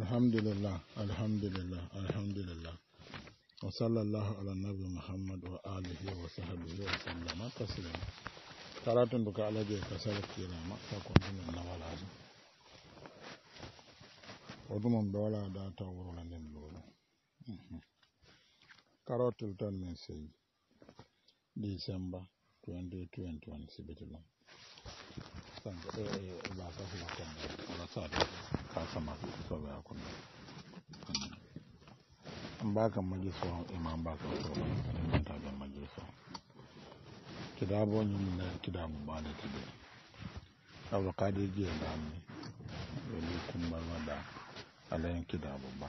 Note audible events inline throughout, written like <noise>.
الحمد لله الحمد لله الحمد لله وصلى الله على النبي محمد وآله وصحبه وسلم تسلم قرات بك على جي كسلك يا ما فكون من النوال عزم ودمم بولا دا تاور لنين لول قرات التن من سي ديسمبر 2021 سبت الله Asante. mbaka majliso ima mbaka soaɓe majliso kidabo ñumna kidabo baade tiɓe avocade jee damni weli kumbal waɗa alayen kidabo ba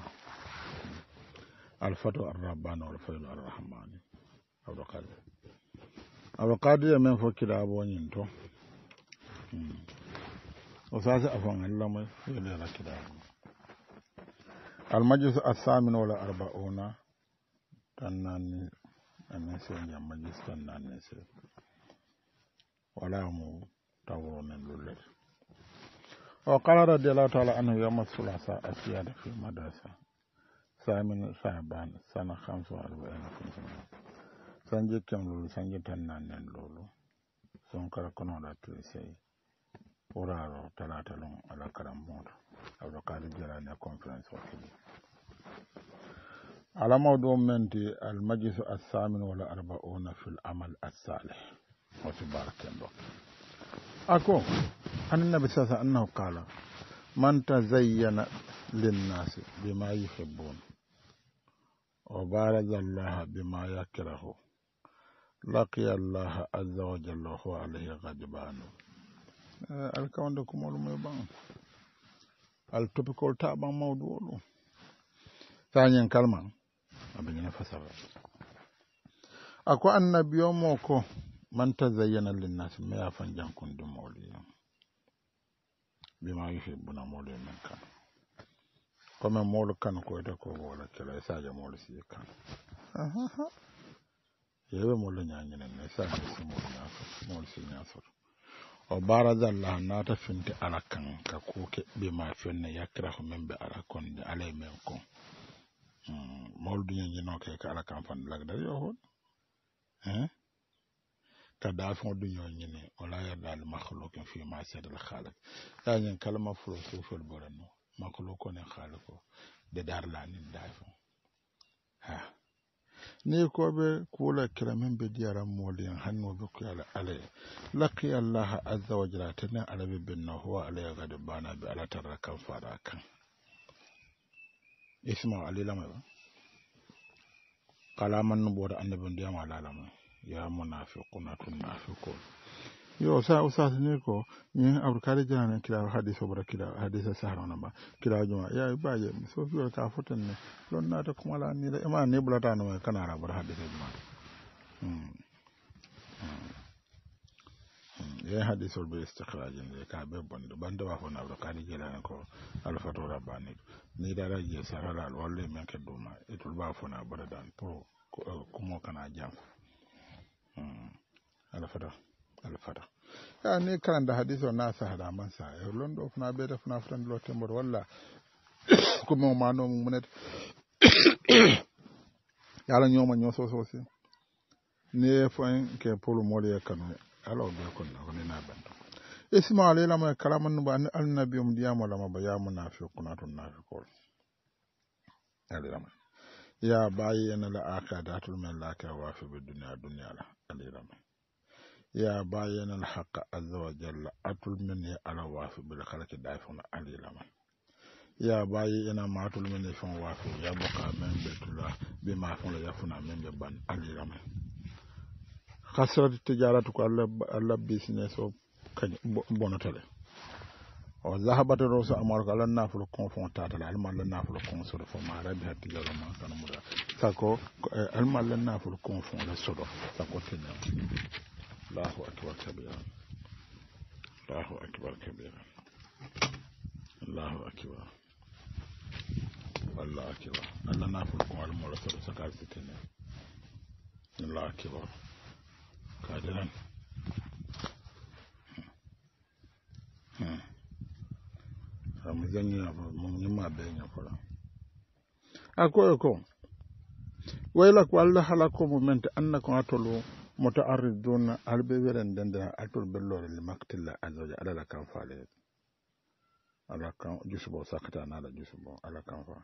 alfatu arrabani wal faylu arrahmani avocade avocade ye men fo kidabo ñin to وساس أفهم اللهم يدير كده المجلس الثامن والأربعون تناني أنسي يا مجلس تناني ولا مو تورون الليل وقال رضي الله تعالى عنه يوم الثلاثاء السيادة في المدرسة ثامن شعبان سنة خمسة وأربعين سنجي كم لولو سنجي تنانين لولو سنقر كنو راتي سيئ uraro talata lum ala karam moɗo jara ne conférence o kedi alama ɗum menti al majlis almajlisu assamin wala arbauna al amal al salih wa wati barakenɗo ako an nabi sasa annahu qala man tazayyana lin nas bima yuhibbun wa baraza allah bima yakrahu لقي الله عز وجل وهو عليه huwa alkawande kumol mumen al topicol taɓan mawdu o ɗum sañen kalma abin aɓeñana fasara ako annabi o mo ko man tazayyana linnasi ma yafan jankunde mawliya bima buna mawli men kan kome mawlu kan koyta ko wola kela saja mawlu siye kan yeɓe mawlu ñañinen ne saja si mawlu ñaso mawlu si ñasoto o baradallah naata finti ala kan ka ko keɓɓe ma fenne yakkirahu men ɓe ala konde alay hmm, men kon mawluduñoñino ke ka ala kan fande lagdar yo hon ka eh? daafeŋo duñoñini wala yerdal mahlukin fima sedal halik ɗañin kalma fulo suufel ɓorano mahluko ne haliko de darlanin daafeŋo ha ni ko kula kuula kira min ɓe hannu mooliyen ku ala ala lakki allah azza wa jala tenen alaɓe benno howa alaya gadi bi ala tarra kan fara kan isma alilama ba kalaman nubuwar annabin diyama lalama ya munafiquna tunafiqun yo sa sa ne ko ñin abdoukadir janane kila hadise obota kila hadise sahrona ba kila juma ya baje so fiyola ta foten ne lon nata kumala nila ema ne bula ta bulatanoma kanara bota hadise juma ye hadisol be istikrajin de ka be bonde bande wa fo nabdo kadi jelana ko alfato rabbani ni dara je sarala walle men ke duma etul ba fo na bada dan pro kumo kana jam alfato alfara ya ni karanda hadis o nasa haraman sa e londo fana da fana fotande lo tembor walla Ya <coughs> la manomu munete <coughs> yaala ñooma ñooso ne ni foin ke polu moolu ya kanu ala o ɓe na ko nina ma isma alayilama e kalamannuba ani alnabi om ndiyamo lama ba yamu nafiquna to nafiqol alirama ya bayi ena la akadatul men laka wafi bi duniya duniya la ya bayyana alhaqa azza wa jalla atul minni ala wafi bil khalqi dafun alilama ya bayyi ina matul minni fan wafi ya buka min betula bi ma fun la yafuna min be ban alilama khasrat tijaratu ko allah allah business o kany bonotale o zahabat rosu amar ko lan nafulu konfon tatal alma lan nafulu konsodo fo ma rabbi hatti jalo ma kan muda sako alma lan nafulu konfon la sodo sako tinna Allahu akbar kabira Allahu akbar kabira Allahu na ful kuma almu rasul saka fitina Allahu akbar kadiran mu hmm. zanyi ya ma bayan moto arri don halbe weren dende ha altol bellore li maktilla azoja alala kam faale ala kam jusubo sakata nala jusubo ala kam fa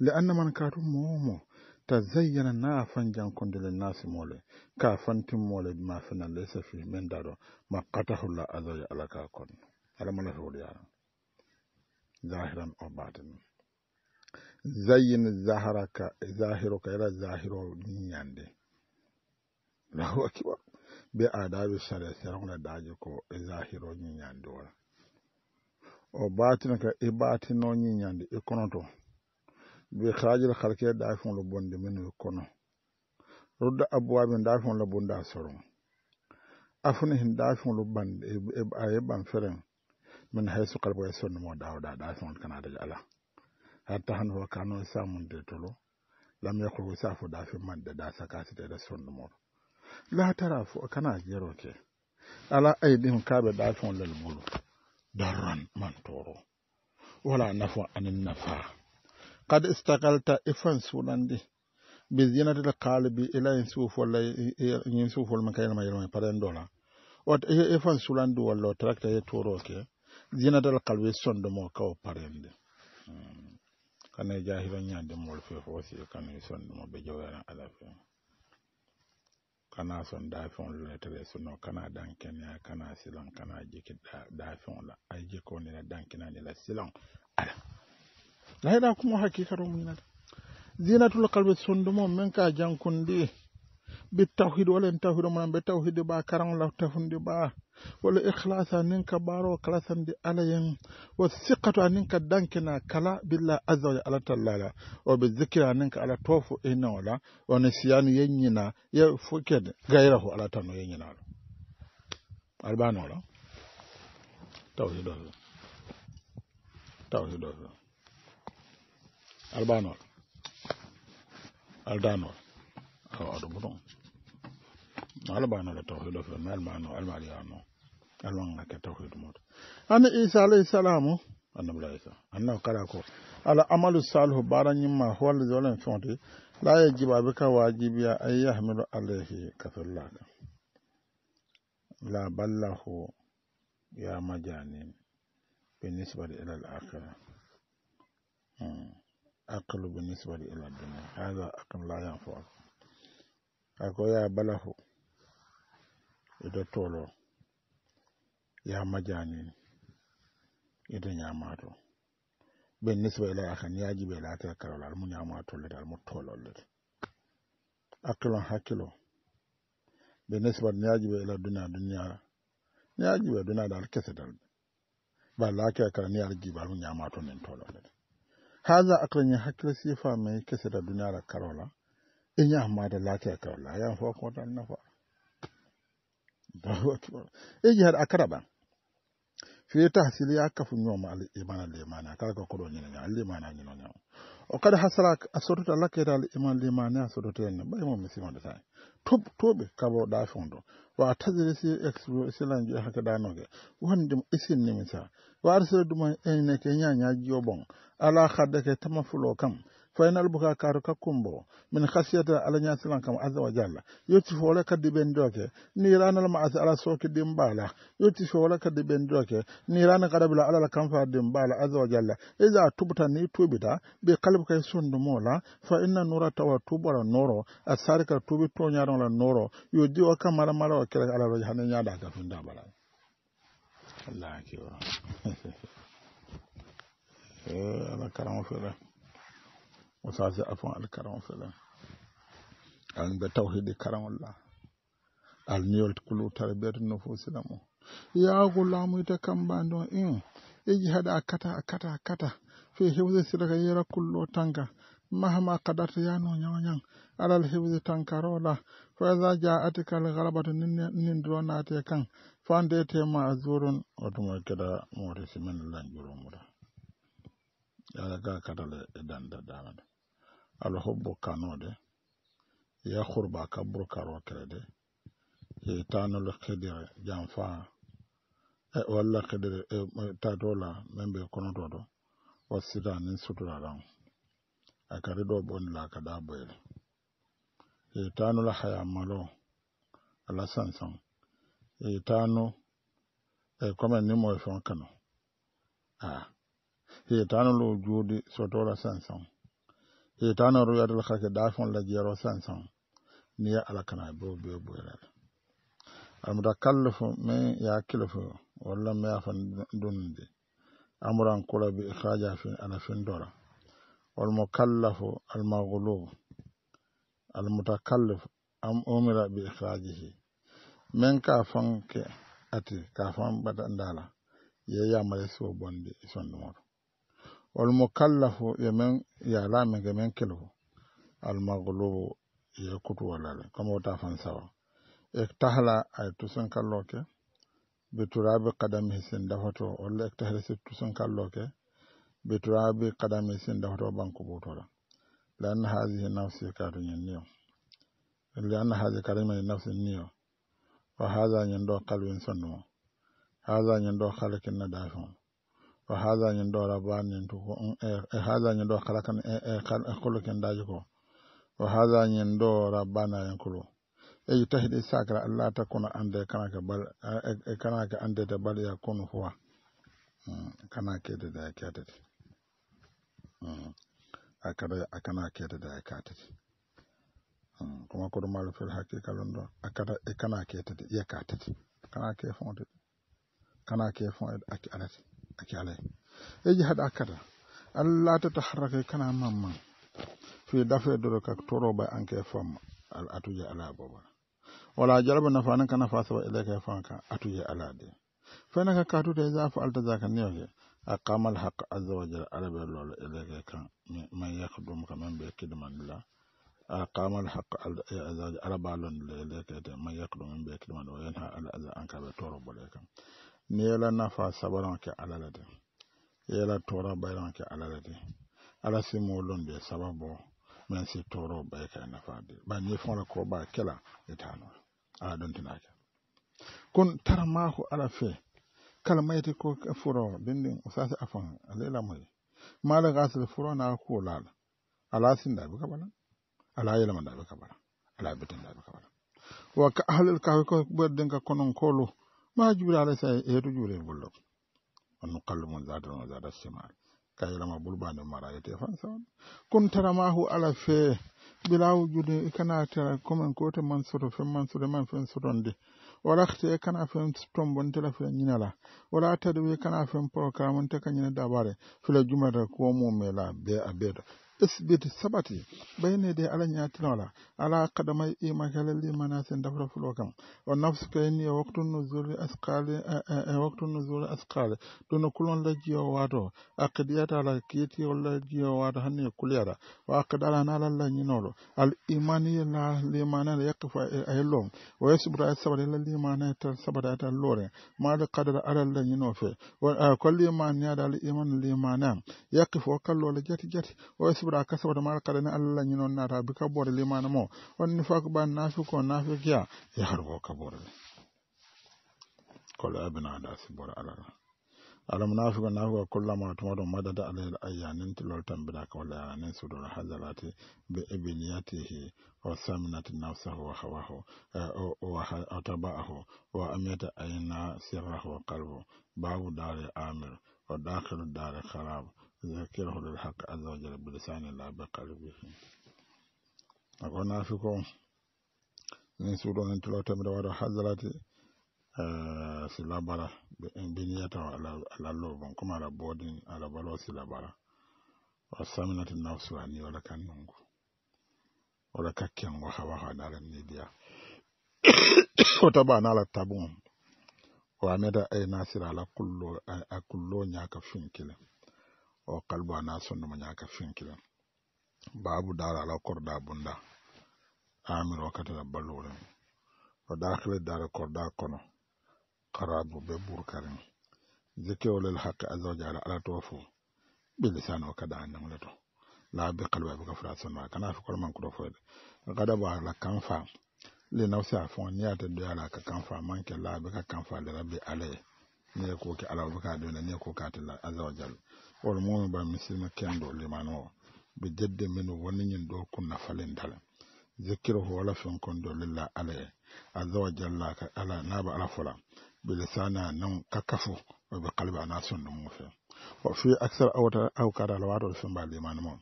li anna man katu momo ta zayyana na afan jankonde le nasi mole ka fanti mole ma fina le safi men daro ma qatahu la azoja ala ka kon ala mala fuli ya zahiran o batin zayyin zaharaka zahiruka ila zahiru niyande lahu akibar be adabi sare sarangla daji ko e zahiro ñiñandi wala o batino ka i e batino ñiñandi i e kono to be hajil halke dafilo bonde min e kono rudda abuwaɓe dafilo bonda soron afuna hin dafilo bande a ban feren min hayso kalbo e da dawɗa dafilo kana daji ala hatta han ho kano ya tolo lam yakol wo safo dafi man da da da sakasiteɗe sonnumoɗo latara fo kana jeroke ala ay ɗim kaɓe ɗafonlel mulu darran mantoro wala nafo anin nafa kad istakalta ifan suɗandi bi zinatil kalbi ila sufolyin suful makayelma yelma paren dola wat ye ifan suɗandi walla o tracta ye toroke zinatal kalbi sondomo kawo parendi hmm. kanai jahila ñandimol fe fosi kanai sondomo ɓe jowera ala fe kana son dafin lura ta resu no kana dankin ya kana silon kana jikin dafin la ai jiko ne na dankin ne la silon ala na yi da kuma hakikar mu yana da zina tulo kalbi sun dumo min ka jankun di bi tawhid walin tawhid mun bi tawhid ba karan la tawhid ba wala ikhlasa nin ka baro kala sandi alayin wa siqatu nin ka dankina kala billa azza wa ala tallala wa bi zikra nin ka ala tofu inna wala wa nisyan ya fuked gairahu ala tanu yinna ala albana wala tawhid wala tawhid wala albana albano le tawhido fe ma albano almariyano alwan ake tawhido moto ani isa alayhi salamu annabla isa na kala ko ala amalu salihu baranñimma holle jolen fonte la yajiba bika wajibiya an yahmilu alayhi kasullaka la ballahu ya majanin binisbati ila l akhira hmm. aqlu binisbati ila dunia hada aqlu la ido tolo ya majani ido nyamato ben nisba ila akhan ya jibe la ta karola mu nyamato le dal mu tolo le akilo hakilo ben nisba ya jibe ila dunya dunya ya jibe dunya dal kese dal ba la ka kan ya jibe mu nyamato nen tolo le haza akilo ni hakilo sifa mai kese da dunya la karola in ya amma da lafiya karola ya fa ko dan nafa ejihar akaraba fiye ta hasili ya kafu ñoma al imana limana kala ko koɗo ñinoña al limana ñinoña o kada hasara a sotu ta lakai da iman limani a sotu ta sototoenne ɓay mo misimode tan tob toɓe kabo ɗa fondo wa tadiri si da noge wondem isi nimisa wa arsere duma ke yanya jiyo bon ala haddeke tama fulo kam fainal buka karu kakumbo min khasiyata ala nyasilan kam azza wa jalla yoti fola kadi ben doke ni rana ma az ala soki dim bala yoti fola kadi ben doke ni rana kadabla ala kam fa dim bala azza wa jalla iza tubta ni tubita bi kalb kay sundu mola fa inna nura tawa tubara noro asarika tubi to nyaron la noro yodi o kamara mara o kira ala rajhana nyada ka funda bala <laughs> eh, Allah kiwa ala karamo fere wasa zai afon alkaran filin an bai tauhi da karan wala almiyar kulu tarbiyar nufo silamu ya gula mu ita kan bandon in e ji hada akata akata akata fi hewze silaka yera kullo tanka mahama kadata ya no nyanyan alal hewze tanka rola fa za ja atika al gharabata nin drona te kan fande te ma azurun otuma kada mu resimen lan juro mura ya ga kadale danda danda ala hobbo kanode ya khurba kabru karo krede e tano le khidire jam fa e wala khidire e, e ta dola membe kono dodo wasida nin sutura ran akare do bon la kada boye e tano la haya malo ala sansan e tano e kome ni moy fon kano a e tano lo jodi sotora sansan hitanor wiyatal hake dafon la jeero sanson niya alakana boo beo boyrel amra kallo fo me ya kilo fo walla me afan dunde amran kula bi ikhaja fi ana fin dora wal mukallafu al maghlub al mutakallif am umira bi ikhajihi men ka fanke ati ka fan bada ndala ye ya male so bonde sonno olmukallafu yemen yalame gemen kilhu almaglubu ye kutuwolale comme wota fan sawa e tahla ay tusen kalloke be turabi kadamihi sin dafoto walla ek tahla si tusen kalloke be turabi kadamihi sin dafoto banku butola lianna hadihi nafsi kadu ñin niyo lianna hadi karimai nafsi niyo wa hada ñin do kalwin sonnumo hada ñin do kalkinna dafimo o haala ñin ɗo rabanin to ko e haala ɗo kala kan e kolo ken daji ko ɗo rabana en sakra allah ta ande bal eh, eh, eh, e bal ya kana kedede e kuma ɗo akada e kana ketede kana ke kana ke fon a kyalai ijihad da allah ta taharraka kana mamma fi dafe doro ka toro bai an kai fam al atuje ala baba wala jalba nafanan kana fasaba ila kai fanka atuje ala de fana ka katu da fa alta zaka ne ke aqama al haqq azza wa jalla ala bil lol ila kai kan man yakdum kaman man kidman la aqama al haqq azza wa jalla ala balon ila kai man yakdum bi kidman wa yanha ala azza an ka toro bai kan ni yela nafa sabaran ke ala la de yela tora bayran ke ala la de ala si mo de sababo men si toro bay ka nafa de ba ni fona ko ba ta itano ala don tinaka kun taramahu ala fe kalmayti ko furo dindin usasi afan alela mai mala gasal furo na ko lala ala sin da ka bala ala yela man da ka bala ala bitin da ka bala wa ka ahlul kahfi ko berdin ka konon ma juulale sa heetu jure bullo onno kallu mum zadano zada simar kayrama bulbande mara yete fan sawon kun taramahu ala fe bilaw jude kana tara komen kote man soto fe man soto man soto ndi wala te kana fen tombon tela fe nyinala wala tadwe kana fe programme te kanyina dabare fila jumata ko mo mela be abeda isbit sabati bayne de ala tinola ala kadamay imakala limana sen dafra fulo wa nafsu nafs kayni e waktu nuzuli askale e eh, eh, eh, waktu nuzuli askale ɗono kulon la jiyo wato akidiyata ala kiitiyol la jiyo wato hanni kuliyata o akidala nala la nyinolo al imani na limana la yakkifa ay lom o yasbura sabati la limana ta sabata ta lore ma da kadara ala la nyinofe ñino fe ko limaniyaɗa al iman limana kallo la jati jati wa yasbura kasa wata mara karani allah ñinon naata bi kabore limana mo onni fak ɓan nafiko nafikiya e hargo kaborele kolo abina ada sibora alala almunafiqu nafiqa kullama tumaɗum madada alayhil ayanin tilol tambidaka walla yanin sudor hajarati be ibniyatihi o saminati nafsahu wa hawahu eh, o taba'ahu wa amiyata ayna sirrahu wa qalbu babu dare amir wa dakhilu dari kharab يذكره للحق عز وجل بلسان لا بقل بقلبه أقولنا فيكم من سورة تلوت من ورا حزرات سلابرة بنيته على اللوب كما على بودين على بلو سلابرة وسمنت النفس عني ولا كان نونغو ولا كاكيان وحواها نالا النيديا وتبع نالا التابون وعمدا أي ناصر على كل كل نياك فين كلام o kalbu ana sondu mo ñaka finkilen babu dara ala korda bunda amir o kata da ballurin o dakhle dara korda kono karabu be burkarin zike o lel hakka azo jara ala tofu bil sano kada nan lato la bi kalba bi kafra sonu kana fi kor man kuro foyde kada ba la kanfa le na sa fon niata do ala ka kanfa manke la bi ka kanfa da rabbi alai ne ko ki ala bi ka do ne ko ka tilla azo jara wol momi ba misilma kendo limano o ɓe jedde min woniñin ɗo kunna falindala zikkiruhu wala fen kondo lillah ala e azza jalla ka ala naaba ala bilisana nan kakkafu o ɓe kalbe ana sondu mum fe o fi aksar awta awkada ala watol fen mba limano mo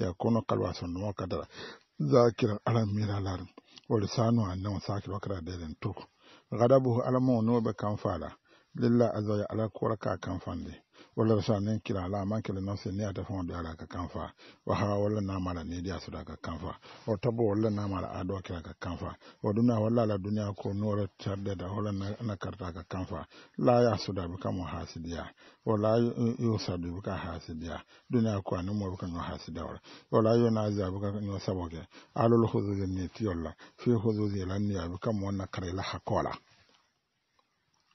ya kono kalba sondu mo kadara zakiran ala miralar o lisanu an nan sakiro kada deden tok gadabuhu ala mo no ɓe kan fala lillah azza wa ala kora ka kan walla ɓe sananin kila ala man kele noon sinni ata fon ɗo ala ka kanfa wa hawa na mara ne diya soɗa ka kanfa o tabo na mara ado kira ka kanfa o duniya walla la duniya ko tarde da holla na karta ka kanfa la ya soɗa ɓe kamo hasidiya o la yosadu ɓe ka hasidiya duniya ko ani moɓe ka ño hasidiya wala o la yonasi ɓe ka ño saboke alol hosuse ni tiyolla fi hosuse lanniya ɓe kamo na kara ila hakkola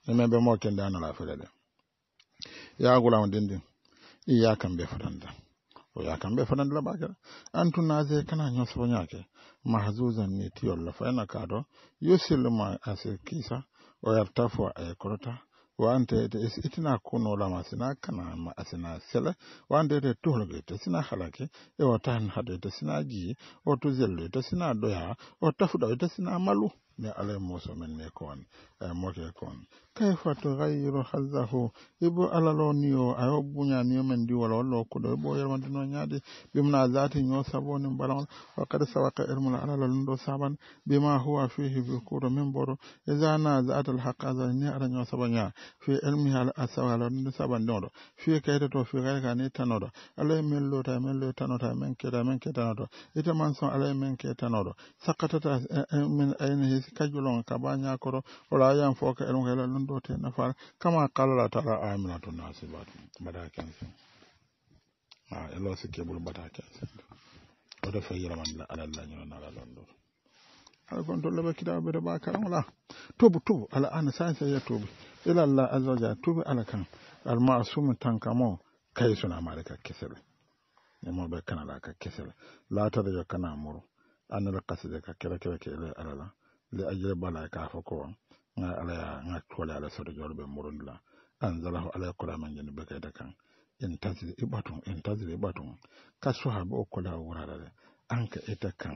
emen ɓe mo kende anala fere de. yagulama dindin iya kamɓe fotanta o ya kamɓe antu na antunase kana ño soñake mahzusan ni tiyolla fayna yusil ma ase kisa o yarta fo aye korota wante te itina kuno lama sina kana ma asina sele wante te tuhlge te sina halake e o tan hade te sina ji o to zelle te sina doya o tafuda te sina malu mi alay muso men mi kon moke kon kay fatu gayru hazahu ibo alalo niyo ayo bunya niyo men di wala wallo ko do bo yar mandino nyaade bimna zati nyo saboni balon wa kad sawaka ilmu ala lundo saban bima huwa fihi bi kuro min boro idza na zati al haqa za ni ala nyo sabanya fi ilmi al asawala lundo saban dodo fi kayta to fi gayka ni tanodo alay men lota men lota ta men keda men keda nodo ita man son alay men keda nodo sakatata min ainihi kajulon kaba ñakoro wala yan fo ka elon hela lon do te nafar kama la tara amina to nasibat bada kensen a elo sikke bul bada kensen o da fayyira man la ala la ñono ala lon do ala kon to laba kitabe da ba karam wala tubu tubu ala ana sa sa ya tubu ila la azza tubu ala kan al ma'sum tankamo kai suna malaka kisir ne mo be kana la ka kisir la ta da kana muru an la kasida ka kira kira ke ala li ajira bala ka fa ko nga ala ya nga tola ala sodo jorbe murunda anzalahu ala qura man jani ka da kan in tazir ibatun in tazir ibatun ka suhabu okula de an ka ita kan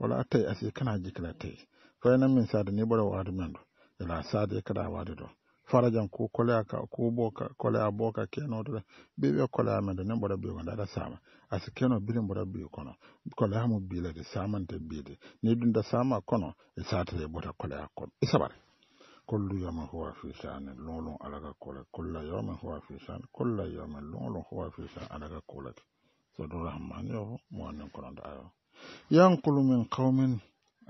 wala tai asi kana jikla tai fa nan min da ne bara wa ila sada kada wa do farajan ko kolea ka ko boka kolea boka keno kenotoɗa ɓeɓe koleamede nen ɓoɗa biyo kono da sama asi keno birin ɓoɗa biyo kono koleamu biilede samante ne dun ɗumda sama kono e satale bota kolea kono e sabare kullu yawmin huwa fi sha'anin lolon alaga kola kullu yawmin huwa fi sha'an kullu yawmin lolon huwa fi sha'an alaga kola so do rahman yo mo wannan kono da ayo yankulu min qaumin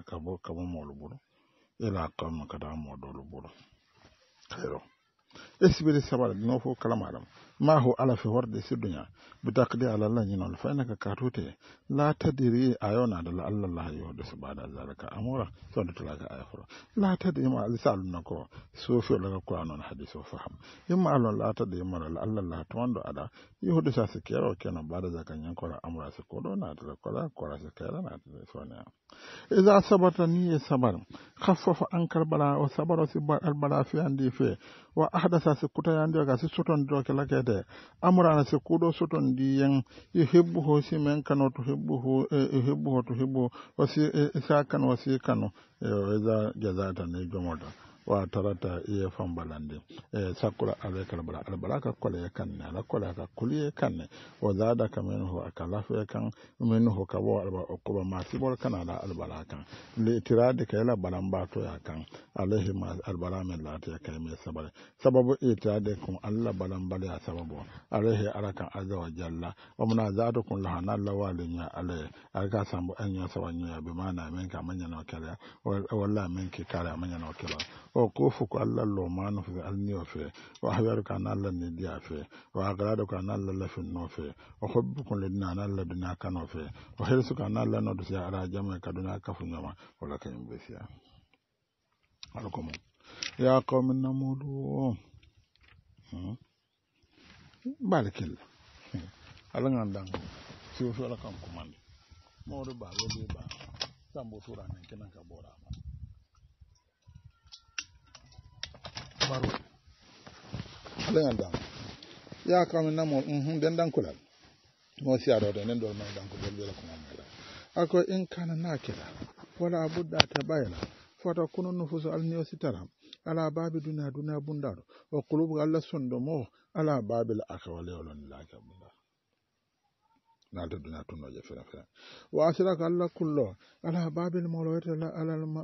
akabo kabo molu bulu ila qaumin kada mo dolu bulu Pero... esibe de sabara dino fo kalamaram ma ho ala fe warde si duña bi ala la ñi non fayna ka katute la tadiri ayo na da la allah yo de subhana zalika amura so do tulaga ay furo la tadiri ma lisalu nako so fe la ko anon hadiso faham yimma alon la tadiri ma la allah to ando ada yo de sa sikero keno bada da kora amura se ko na da la ko la se kera na de so ne iza sabata ni sabar khaffafa ankar bala wa sabara si bala fi andi fe se kuta isa si ke la ke de amura na se kudo soton di yen i ho si men kano to ho e, e hebbuho to hebbuho wasi isa e, e kano wasi kano e za jazata ne jomoda wa tarata iye fambalande e sakura ala kalbara albara ka kole kanne ala kole ka kuliye kanne wa zada ka minhu akalafu kan ho ka bo alba okuba masibol kana ala albara kan le tirade ka ala balamba to ya kan alahi ma albara min la ta kai mai sabar sababu e itade kun Allah balambale ya sababu alaihi arakan azza wa jalla wa kun lahana lawalin ya alaihi aka sambu anya sawanya bi mana men ka manya na kala walla men ki kala manya na kala o ko fu ko allah lomano fe o fe o haɓere ko ana allah nidiya fe o agrade ko ana allah la fe o hobbi ko ledina ana allah duniya kano fe o hersu ko ana allah do sia ara jama ka duniya kafuñoma wala kañum ɓe fiya ala ko mum ya hmm? hmm. ba namudu barkilla ala gandan siwo fi ala kan mo do ba weɗi ba sambo sura nen kenan ka ma. baro alenga dam ya kame Mun mhm den dankulal mo siyaɗoɗo nen ɗol man danko ɗol ɓeela ko mamela ako in kana nakila wala budda tabayla fata kuno nufuso alniyositaram ala babi duniya duniya bundaɗo o kulubu allah sondo mo ala babila akawalewolon lake bundaɗo Na nata duniya tunnoje fere fere wa asiraka allah kullo ala babil mawlo wete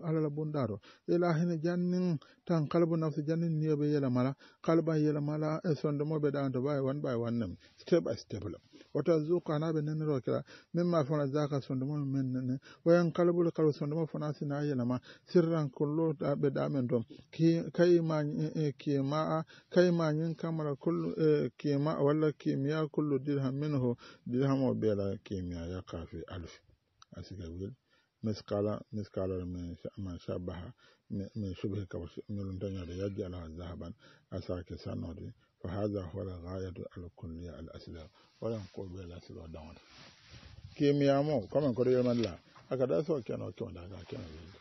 alala bundaɗo ila hene jannin tan kalbu nafsi jannin niyoɓe yelamala kalba yelamala e sondomoɓe ɗanto bawi wan ɓawi wannem step by step la wata zuka na be nen ro kira min ma fona da sondomo men ne wayan kalbul kal sondomo fona sina yana ma sirran kullo da be da men dom ki kai ma eh, eh, ki ma kai ma nyin kamara kullu eh, ki ma walla ki miya kullu dirham minhu dirham o be la ki miya ya kafi alf asiga wil miskala miskala ma shabaha min da yaji ala zahaban asake sanodi فهذا هو الغاية الكلية الأسلام ولا نقول بلا سوى دون كيم يامو كما نقول يوم الله هكذا سوى كانوا كون هذا كانوا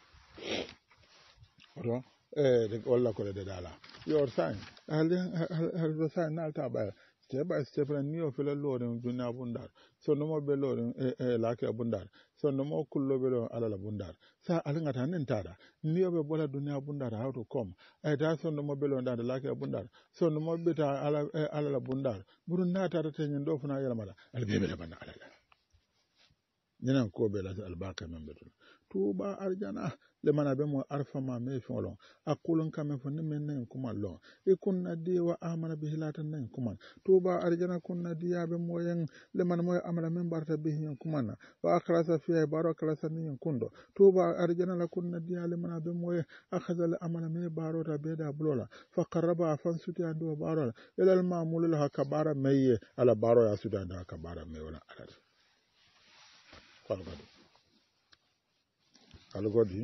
ولا ولا كل دلالة يور ساين هل هل هل ساين نال تابع step by step na ni o fele lorin duniya bundar mo be lorin eh, eh, lake bundar sondomo kullo be lorin alala bundar sa alingata nin tada ni o be bola duniya bundar how to come ay eh, ta mo be lorin dada lake bundar mo be ta alala bundar burun na ta tenyin do funa yalmala albe be bana alala ñanan ko be la albarka men be dun tuba arjana le mana be mo arfa ma me folo olon akulun kame fo nimen nen kuma lo e kunna di wa amana bi hilata nen kuma tuba arjana kunna di ya be yen le mana mo amana men barta bi hin kuma na wa akhrasa fi baro akhrasa ni kundo tuba arjana la kunna di ya le mana be mo akhadha le amana me baro ta be da blola fa qarraba fan suti ando baro ila al mamul la kabara ye ala baro ya sudan da kabara me wala ala kwalgado kalgodi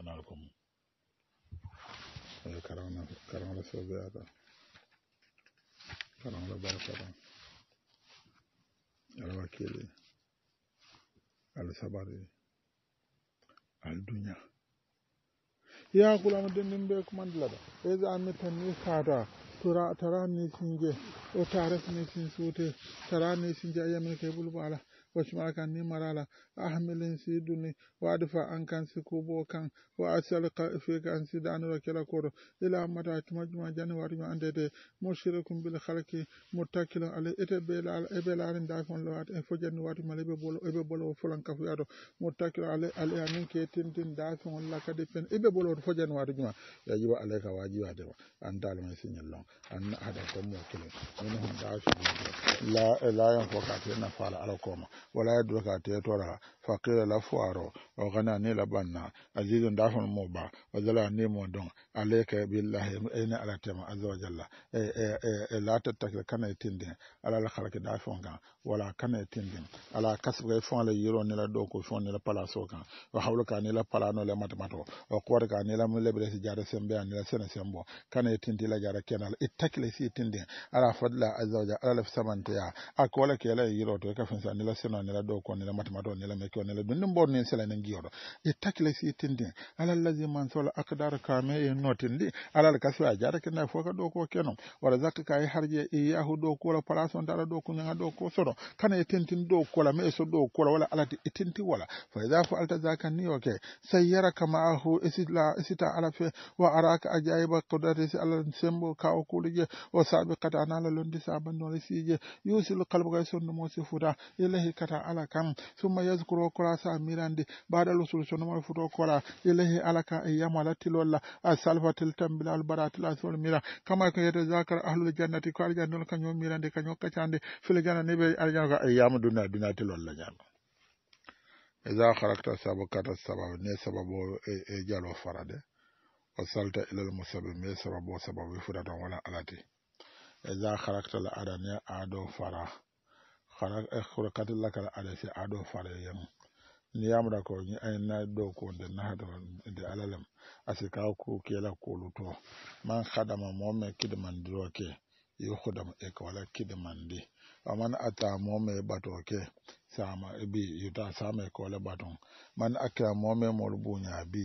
analkum eh, karamna karamna sobe ata karamna barkata ala wakili ala sabari ala dunya ya kula mu dindin be kuma ni sada eh, tura tara ni sinje o tare ni sin sute tara ni sinje ayyamin bulbala واشمع كان نمرالا أحمل سيدني وأدفع أن كان سكوبو كان وأسألك فيك أن سيدان وكلا كورو إلى مدى تمجمع جانواري ما أندد مشرك بالخلق متكل على إتبال على إبلارين دافون لوات فجانواري ما لبولو إبولو فلان كفيادو متكل على على أمين كيتين تين دافون لا كدفن إبولو فجانواري ما يجب عليك واجب هذا أن تعلم سينيلون أن هذا كم وكلا منهم دافون لا لا ينفع كاتين فعل على كوما wala yadraka tetora fakira la fuaro o gana ne la banna azizun dafun muba wa zala mo don alayka billahi ina ala tema azza jalla e e, e, e la tattaka kana tindin ala la khalaki dafun kan wala kana ala fon la yiro ne la doko fon la pala so wa ka la pala no le o kwar ka la lebre si jara sembe la sene sembo kana la jara kenal si ala fadla azza jalla ala akola ke la yiro to ka no nela do ko nela matama do nela meke o nela dundum bor nen sela nen giyodo e takila si tindin ala lazi man sola akdar kame e notindi alal kasu a jara kenda foka do ko kenon wala zakka kay harje e yahu do ko la palason dala do ko nyaga do ko sodo kana e tintin do ko la me so do ko la wala ala e tinti wala fa idha fa alta zaka ni okay sayyara kama ahu isla isita ala fe wa araka ajaiba qudati si alal sembo ka o kulije o sabe kata anala londi saban no sije yusul qalbu kay sonno mo si futa ilahi taskata ala kam summa yaskuro kola samirande baɗa lusul sonomar futo kola ilahi alaka ka e lolla asalfatil tambil albarat la sol mira kama ko yete zakar ahlul jannati ko aljana ɗon kañum mirande kanyo kacande fil e jana ni ɓe aljana ko dunna yama duna dunatilolla ñama iza harakta sabu kata ne sababo e, e jalo farade wasalta salta ilal musabi me sababo sababu fudatan wala alati iza kharakta la adaniya ado fara Eh, hurakatilla kala alafi aɗo farayen ni ya mura ko ni ay na ɗo ko nde nahaɗo nde alalem asi ka ku kela koluto man hadama momme kidimandiroke yo hudama e ko wala kidimandi waman ata momme batoke sama e bi yuta sama e kole baton man akkira momme mol buña bi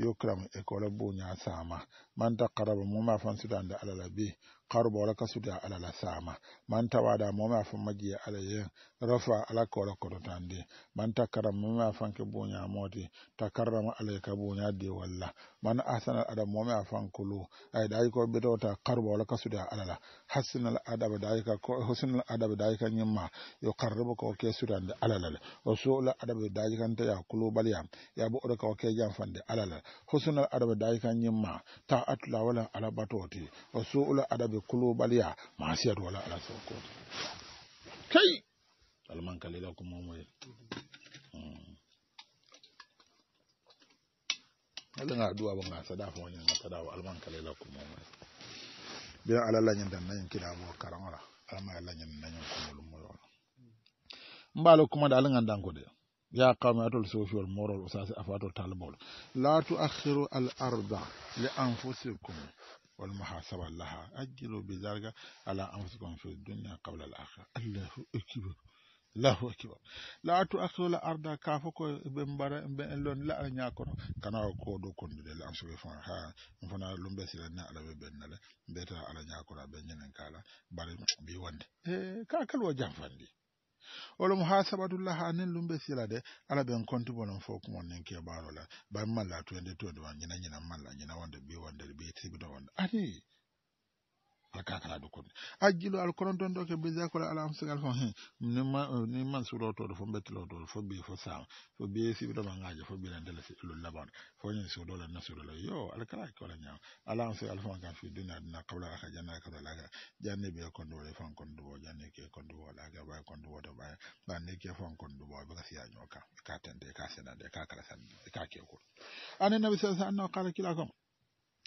yokkiram e kole buña sama man takkaraba mome a fan sutande ala la bi karuba wala ka suta ala la sama man tawada mome a fan majjiye ala yen rafa ala ka wala kototandi man takkaraba mome a fan ke buña moti takkarama ala ye ka buña di walla man asanal adaba mome a fan kulu ay dayi ko bitowta karuba wala ka suta ala la hasinal adaba dayi ka ko hasinal adaba dayi ka ñimma yo karriba ko ke sutande ala la le o suula adaba dayi kan taya kulu baliyam yabu oda ka ke jam fande ala la hasinal adaba dayi ka ñimma ta atu la wala ala bato te wa suu la ada be kulo baliya ma siyatu wala ala sokko te kai alman kalila ko mo moye ala nga duwa nga sada fo nya nga sada alman kalila ko mo moye bi ala la nyen dan nyen kila mo karanga ala ma la nyen nyen ko mo lumo yo mbalo kuma da ala nga dan ko de ya qawmi atol sofiyol morol o sasi afatol talbol la tuakhiru al arda li anfusikum والمحاسبة لها أجلوا بذلك على أنفسكم في الدنيا قبل الآخرة الله أكبر الله أكبر لا تؤخروا الأرض كافوكو بمبارا بألون لا نياكونا كان أقودو كون دي لأنسو بفن ها نفنا لنبسي لنا على ببننا بيتا على نياكونا بنينا كالا باري بيواند كاكل وجهفان دي olum ha sabatullah ha nen lumɓe sila de ala ɓen konti bonon fo kumon nen kebarola bammalla 2021 ñinañinan malla ñina wonde ɓi wonde ɓi tibino wonde ani alkakala ɗo koɗɗe ajjilo alkonon ton ɗo ke bisakola ala amsigal fon he hmm, ni mansurotoɗo eh, fo bettilotoɗo fo bi fo sama fo bi si bi sibiromangaji fo birandele siɗilol laban fo ñin suudola nasuudola yo alkala kola ñama ala amsigal fon kan fi duniya dina kawla aka janna kawla laga janne ɓe konduwole fan konduwo janne ke konduwo laga ɓay konduwo to ba ɓanne ke fan konduwo ɓe ka siyaño nyoka. ka tende ka de ka kala sande ka kekol ane nabi sa sa annaw kala kila kom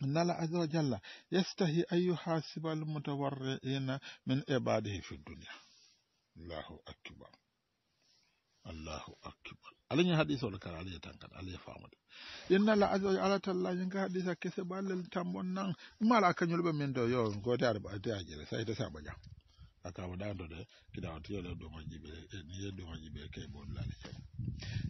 إن الله عز وجل يستحي أن يحاسب المتورعين من عباده في الدنيا الله أكبر الله أكبر alin hadisi wala kara alin tankan alin famu da inna la azza wa ala talla yin ga hadisa kese balal tambon nan mala kan yulba min ba ta jira sai ta akawo dando de kida wati yole doma jibe e, niye doma jibe ke bon lani eh,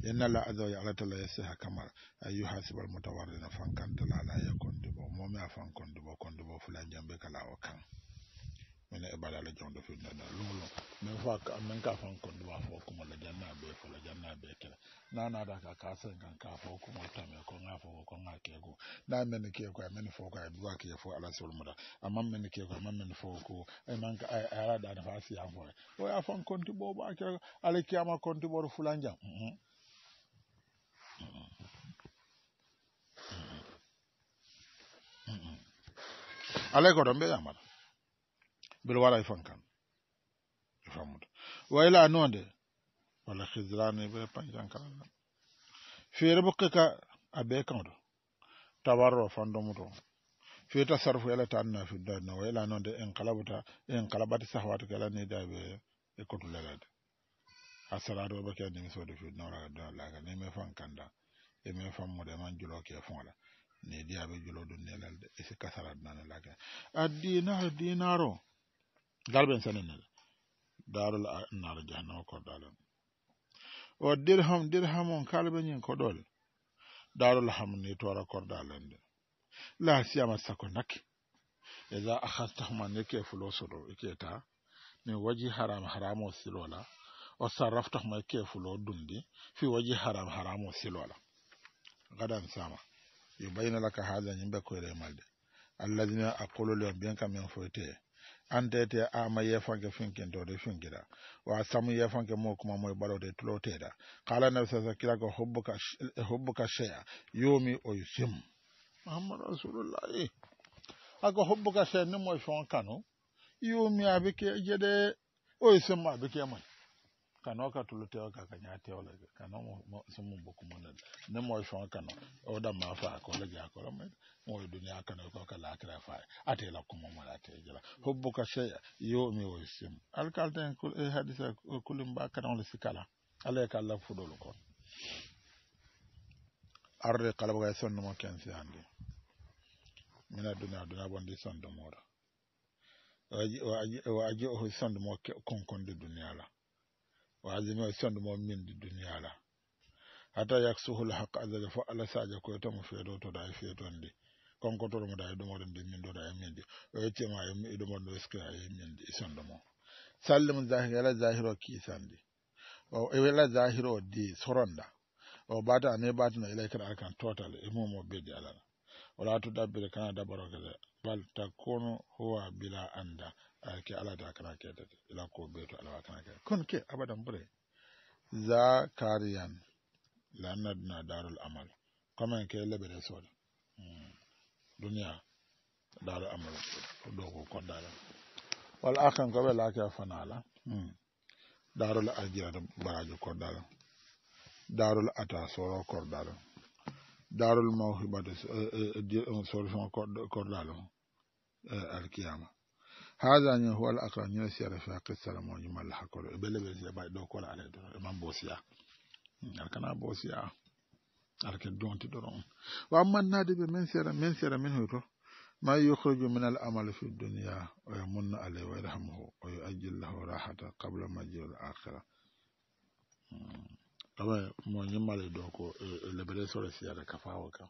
ke yenna la adho ya alata la yese ha kamar ayu hasiba al mutawarri na fankanta la la ya kondubo mwame afan kondubo kondubo fulanjambe kala wakang mine e baɗa la jonɗo finnoɗa ɗum ɗum min fo min ka fan kon ɗuma fo kumol la janna ɓe fo la janna ɓe kela nanaɗa ka kasen kan ka fo kumol tame ko ga fo ko ga keeku na men kee ko a men fo ko a duwa kee fo ala sol muɗa amma men kee ko amma men fo ko man a araɗane fa siyan fo o a fan konti ɓo ɓa kela ala kiyama konti ɓoto fulan jam mm-hmm. mm-hmm. mm-hmm. alay ko ɗon ɓe yamaɗa bil waɗa e fankan e fammude wayla anode walla hisrano e ɓe pañjankala ɗan feere bokke ka a be kawɗo tawarro fandomu to feta sarfu yala tan na fidda na wayla anode en kalabata en kalabati sahwatu kala ni daɓe e kotulelade ha salaɗo ɓe ke ndemi soode fidnawraga do allaga ni me fan kanda e me fammude man juloke e fola ni diyaɓe julo ɗum nelelde e sikka sarat nane lake addina dinaro galben saninel darol annara jahannama koddalen o dirham dirham on kalbeñin koɗol darol ham ni tora kordalen de la siyama sako nakki eza ahastahuma neke fulo soɗo iketa min waji haram haram o silola o sarraftahuma ke fulo dundi fi waji haram haram o silola gadan sama yo baynalaka haha ñimbe koyre malde allahina aqulu lion bien kam min foyteye andete ama yefanke finkintode finkita wa samu yefanke mokuma moye ɓaɗode tuloteda kala nabi sa sa kirago hubuka sheya yomi oyu sim mahammad rasulullahi ako hubuka sheya nimoy e fon kanu yomi abike jeɗe oyu sim abike mai kano ka tulu tewa ka kanya tewa la kano mo simu boku mana ne mo shon kano oda ma fa ko la ga ko ma mo duniya kano ko ka la kra fa ate la ko mo la te jala hubbu ka shay yo mi wo sim al kal tan kul e hadisa kulum ba kano le sikala ale ka la fu do lu ko arre kala ba son no mo ken si ande mina duniya duniya bon di son do mo ra waji waji waji o son do mo kon kon di duniya la o azimi o e sondu mo mindi duniya la hata yak suhul hak azaga fo allah sajo koye tomo feeɗo e to da e feetondi konkotoromo da e ɗumoɗo ndi mindo da e mindi o yeccima e, e ɗumoɗo eske a e mindi e sondu mo sallimu zahir ala zahir o kisandi o ewela zahir o di soronda o bata ne batino ila kada arkan total e mumo beddi alala o laatu dabbire kana dabaro gede bal takkunu howa bila anda ake ala da kana ke da ila ko be to ala kana ke kun ke abadan bure za kariyan lanad na darul amal kama ke lebe da soda duniya darul amal do ko ko dara wal akhan ko be la ke fanala darul ajira da baraji ko dara darul ata soro ko dara darul mawhibati solution ko dara alkiyama هذا يعني هو الأقران ينسي رفاق السلام ونجم الله كله إبلا بيزي بايد دوكول على دوكول إمام بوسيا لكن بوسيا لكن دون تدرون وأما النادي بمن سير منه يترو ما يخرج من الأمل في الدنيا ويمن عليه ويرحمه ويؤجل له راحته قبل ما يجي الآخرة أما مونيما لدوكو إبلا بيزي بايد دوكول على دوكول إمام بوسيا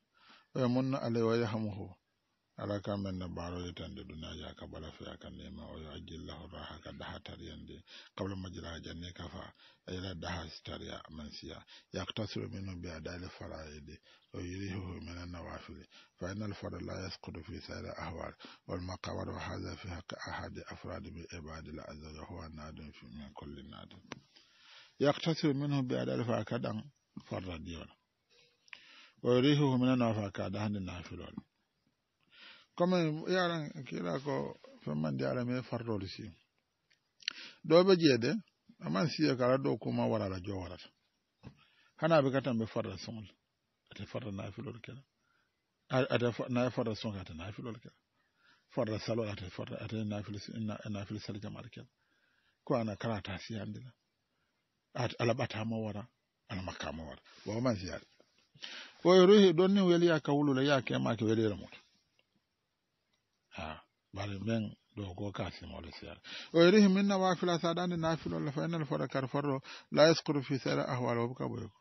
e munna alay wa yahmuhu ala ka men baro ya tande ya ka bala fi aka nema oyo ajillahu raha ka hatar yande kabla majira janne kafa da daha ya mansiya yaktasiru minu bi adali faraidi o yirihuhu min annawafili fa inna alfara la yasqutu fi sairi ahwal wal maqawar wa hadha fi haqqi ahadi afradi bi ibadi la azza wa huwa nadun fi min kulli nadin yaktasiru minhu bi adali fa kadan farra oyo rihi huminanoafa kada hande nafilol comme yaran kiira ko femmandi ara me fartol si ɗoɓe jeede aman siyo kala ɗo kuma warala jo warata hanaɓe katan ɓe farta songol ate farta nafilol kela ate na farta songa ate nafilol kela farta salol ate farta ate nafil sal jamar kela ko ana kala ta si handila alaɓatama wara ala makkama wara wawaman siyaade o e rehi ɗon ni weli ya kawulula ya kemake welira muto ha ah, bare men ɗo go kasimole seeɗa o e rehi min nawafila saɗande nafilolla fa enel fota kar farro la escro fi seeɗa ahwal wobo ka ɓoyko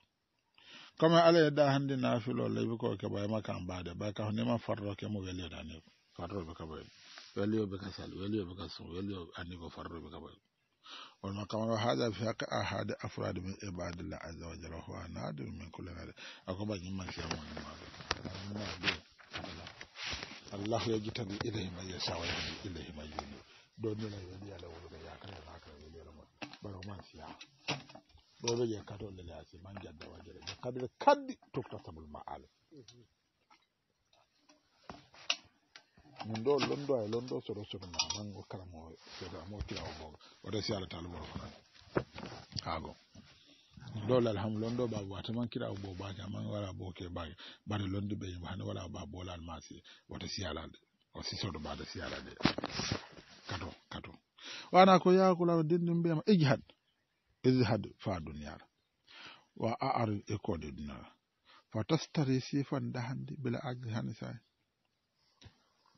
comme alah yedda hannde nafilolla yiɓi e ko ke ɓoya makam mbaade ɓa ka honima farroke mo welirani farroɓe ka ɓoy weliyoɓe ka sal weliyoɓe ka sum weliyo anni ko farroɓe ka ɓoyko wal makamano hada fi haqqi ahadi afrad min ibadillah azza wa jalla huwa nadir min kulli nadir ako ba nyimma ci amon allah ya jita bi ilahi ma yasha wa yahdi ilahi ma yuri do ni la yadi ala wulu da ya kare ba kare ni la ma baro man siya do be ya kato le la ci man jadda wa jere ya kadi kadi to ta sabul ma'al mun do londo ay londo so do so ma man ko kala mo se da mo ti resi allah taala borokoran haago ɗol alhamdu londo ba wata mankira o bo baje amman wala boke bage bare londuɓe yimo hande wala ba bola almasi wata siyalade o sisoɗo bada siyalade kato kato wana ko yakulawa dinɗum mbiyama ijhad ijhad fa duniyara wa a arin ecode dunara fa tastari sifan da hande bila ajli hane sae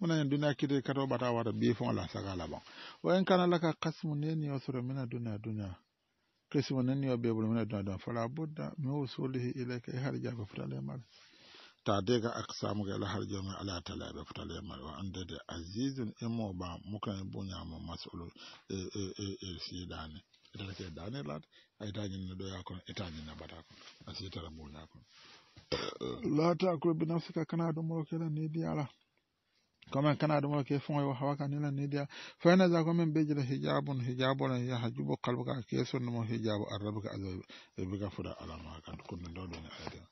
munañen duniya kite kato bata wata biyefoŋo la saka labaŋ wo en kana la ka kasimu neniyo soro mina duniya duniya kasimu neniyo bee bolo mina duniya duniya fala budda min wusulihi ilayka e harjaɓe futale mare tadega aksamuga la har jomi ala tala ɓe futale de azizun imo e ba immoɓa mukane mo masulu e e e, e siɗani itatake dani lat a itañinne ɗoya kono itañinne bata kono a sitara buña kono laata akuro bi nafsika kana ɗum moro kela ni di kama kana ɗum ke fogoyo hawa ka nila nidiya fayna za komin bejira hijabun hijabun ya hajubo kalbuka ke sonnumo hijabu arrabika azabika fuɗa alama kan kunna ɗo ɗone ayatena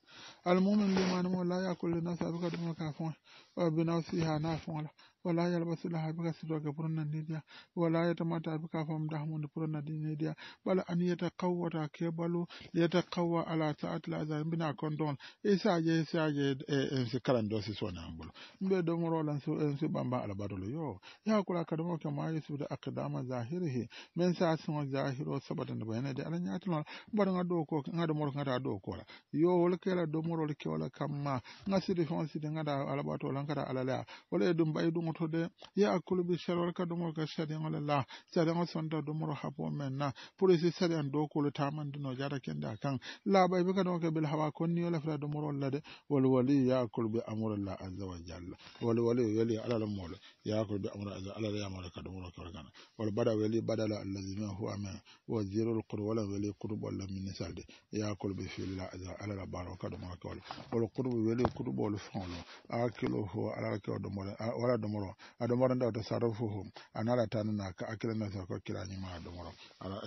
almumin mbimanimo la yakulle nasa abika ɗumo ka fogoy o binaw siha na fogola wala yalbasu laha bi sido ga purna nidia wala yatamata bi kafam dahmun purna nidia bal an yatakawwata kebalu yatakawwa ala sa'at la azan bina kondon isa je isa je en e, se kalando so na ambulo mbe do ngoro lan so en se bamba ala badolo yo ya kula kadamo kama su da akdama zahirihi men sa sun zahiro sabata da bayana da alanya tun bar nga do ko nga do moro nga da do ko yo wala ke la do moro le kewala kamma nga sidi fon sidi nga da ala batolo nga da ala la wala dum bay dum motode ya akulu bi sharwar ka dumur ka shadin alala shadin wasan da dumur hapo menna pure si shadin do ko ta man dino jara kenda kan la bai bi ka don ka bil hawa kon ni wala dumur wala de wal wali ya akulu bi amrullah azza wa jalla wal wali yali ala al mawla yakul bi amra allah ala ya mara kadu mura kargana wal bada wali badala allazi ma huwa ma wa zirul qur wala wali qurb wala min ya yakul bi fil la azza ala la baraka do mara kawal wal qurb wali qurb wal fonlo akilo ho ala ka dumura mara wala do mara ado mara da to sarfu ho anala tanana ka akila na sa ko ni ma do mara ala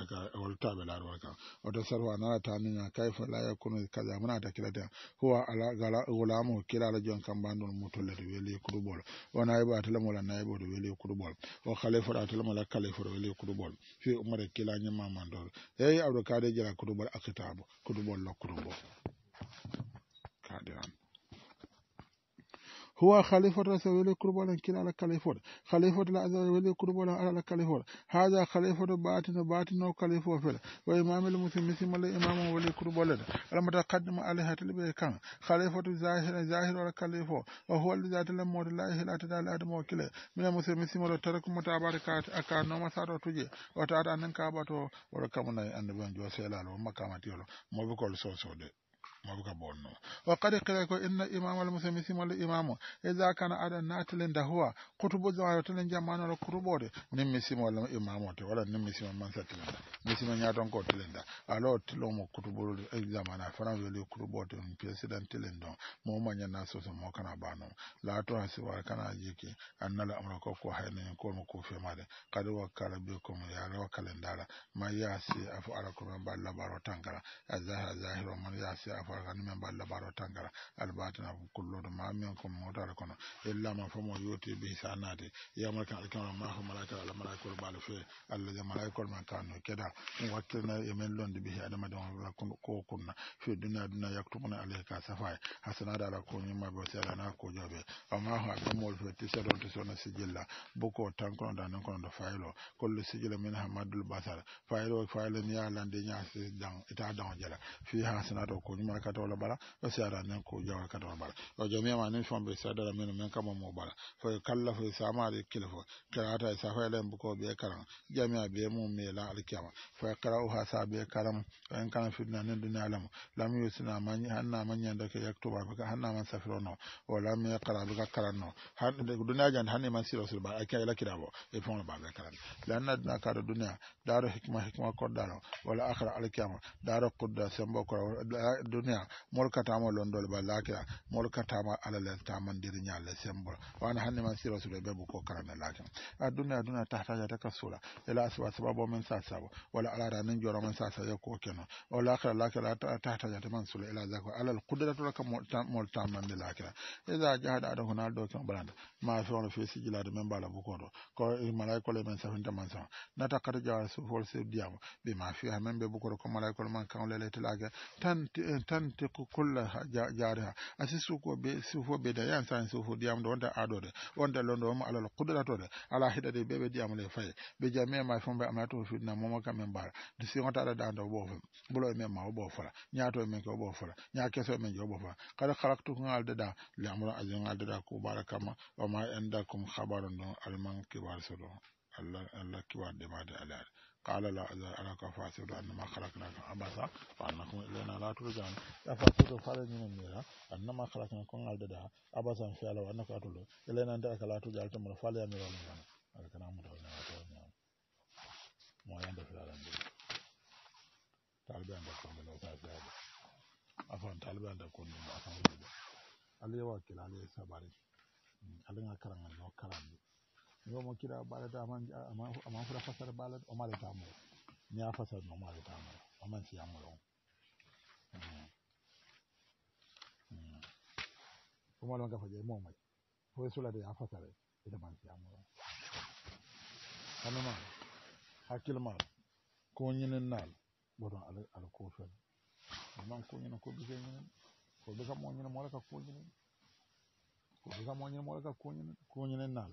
aka wal tabela baraka ta sarfu anala tanana kaifa la yakunu kaza muna ta kirata huwa ala gala gulamu kila la jon kan mutul mutulati wali qurb wala wana fotatelemola nayiɓoɗo weeli kuɗuɓol o kalay fotatelemola kalay foto weeli kuɗuɓol fi umare kilañe mamandoro eyi awɗo kaade jala kuɗuɓol akitabo kuɗuɓol lokkuɗumbo kaade an huwa khalifatu rasul wele kurbola kila ala khalifata khalifatu la azwa wele kurbola ala ala khalifata hadha khalifatu batinu batinu khalifu fel wa imamul muslimin mala imamu wele kurbola ala mata qaddama ala hatil be kan khalifatu zahir zahir ala khalifu wa huwa alladhi la mawla la ilaha illa huwa adamu kila min muslimin mala tarakum tabarakat aka no masato tuje wa ta'ata nan kabato wa kamuna andu banjo selalo makamati yolo mobikol soso de maruga bonno wa qad qila ko inna imama al musamisi mal imamu idha kana ada natlen da huwa kutubu zawara tan jamana ro kurubode nim misimo wala imamu te wala nim misimo man satlen da nya don ko tilinda alo tlo mo kutubu jama'an eh, fara wele kurubode on president tlen don mo manya na so so mo kana bano la to hasiwa kana jiki annala amra ko ko hayne ko mo ko fe made qad wa kala bi ko mo ya ro kalendara ma yasi afu ala ko ba labaro tankara azahira zahiro man yasi afu arani men balla baro tangara albatina kulloɗo mamion ko motare kono illama fomo yoti bi sanade yamal kan alkama ma ho malaka ala malakol balu fe allah ja malakol man kanu keda wattana e men bi adama don ko kunna fe duna duna yaktumuna alayka safai hasanada ala ko nyima bo selana ko jobe amma ho adamol fe tisadon to sijilla boko tankono da nan do faylo kollo sijilla min hamadul basar faylo faylo ni ya lande nya dan ita dan jala fi hasanada ko nyima ɓaɗa ka tawla ɓala ɗo seeɗa nen ko jawa ka tawla ɓala o jom yama nen fomɓe seeɗara minu min kamma mo ɓala foy kalla foy samaari kilfo kaata e safa elen boko ɓiye karam jamia ɓiye mum miila alkiyama foy kala uha sa ɓiye karam en kana fiɗna nen duni alamu lam yusina hanna mañande ke yak tubabeka hanna man safironoo o lam ye karaɓeka karanno duniya jande hanne man silosil ɓala akiya elakkira bo e fonla baɓe karan lanna duna kaɗo duniya daro hikma hikma koɗɗano wala akra alkiyama daro kudda sembo kora duni ñaa molkatama londol ballakea molkatama alalel tamandiri ñalle sembol wana hanne man siro sude ɓe bu ko karane lake adduna aduna tahtajata ka suula elas wa sababo men sa sabo walla alaata nen joromen sa sa yokko keno o lakira lake la tahtajata man suula ela zako alal kuddatatola ka mol tamandi lakea esa jahaɗa aɗa kona ɗo ken ɓalanda ma fewno fe sijilade men mbala bu ko ɗo e ko malay kole men safinta man sama nata kata jawa sufol sef diyamo ɓe ma fiha men ɓe bukoɗo ko malay kole man kanlele telake tan sante ko kolla jaare ha asi suko ɓe sufo ɓe dayan sani sufo ndiyamde wonde aɗode wonde londo omo alal kudratode ala hiɗade ɓeɓe ndiyamle faye ɓe jami e ma fombe amato fiɗna momo kam men mbara sigotaɗa dande o ɓoofe bolo e men ma o ɓoo fola ñaato e men ke o ɓoo fola ña keso e men je o ɓoo fola kada karaktu ko ngaldeɗa lamron aji ngaldeɗa kubara kamma oma enda comme habaru ndon alman kibar soɗo allah allah kiwar demade alaade قال لا أراك فاسد أنما خلقناك عبثا وأنكم إلينا لا ترجعون أفاسد فرج من ميرا أنما خلقناكم عبدا عبثا فعلا وأنك أتلو إلينا أنتك لا ترجعون تمر فلا يمير الميرا هذا كلام متولنا ما يندفع على الأنبياء تعلبان دكتور لو تعرف هذا أفهم تعلبان دكتور أفهم اليوم كلا عليه سباري ألينا كرنا نوكرنا yomo kira da balata aman aman fura fasar balat o male tamu ni a fasar no male tamu aman si amulon o male ga faje mo mai ko sula de a fasare ida man si amulon kanama hakil mal ko nyinin nal bodon al al ko fen man ko nyina ko bige nyina ko bige mo nyina mo la ka ko nyina ko bige mo nyina mo la ka ko nyina ko nyina nal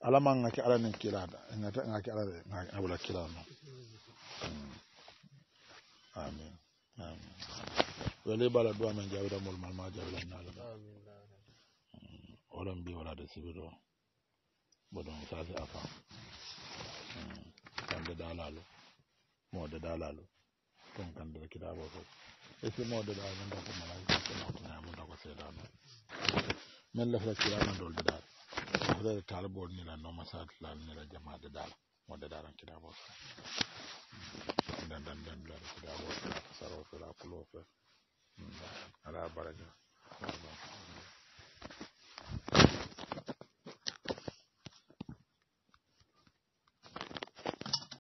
ala man ga ke ala nin kila da ga ta ke ala ga abula kila no hmm. amin amin bala men jawira mol mal ma jawira na bi wala sibiro bodon afa hmm. kan da dalalo mo da dalalo kan e da kida ko mo da dalalo ko na mo da ko da no men la fa kira na dol da dalalo hoɗaɗe taala ɓool nila satlal nila jamaade daala wonde daaran kiɗaɓo fe dandan dan dan kiɗaɓo fe saro fe la kulo fe ala baraja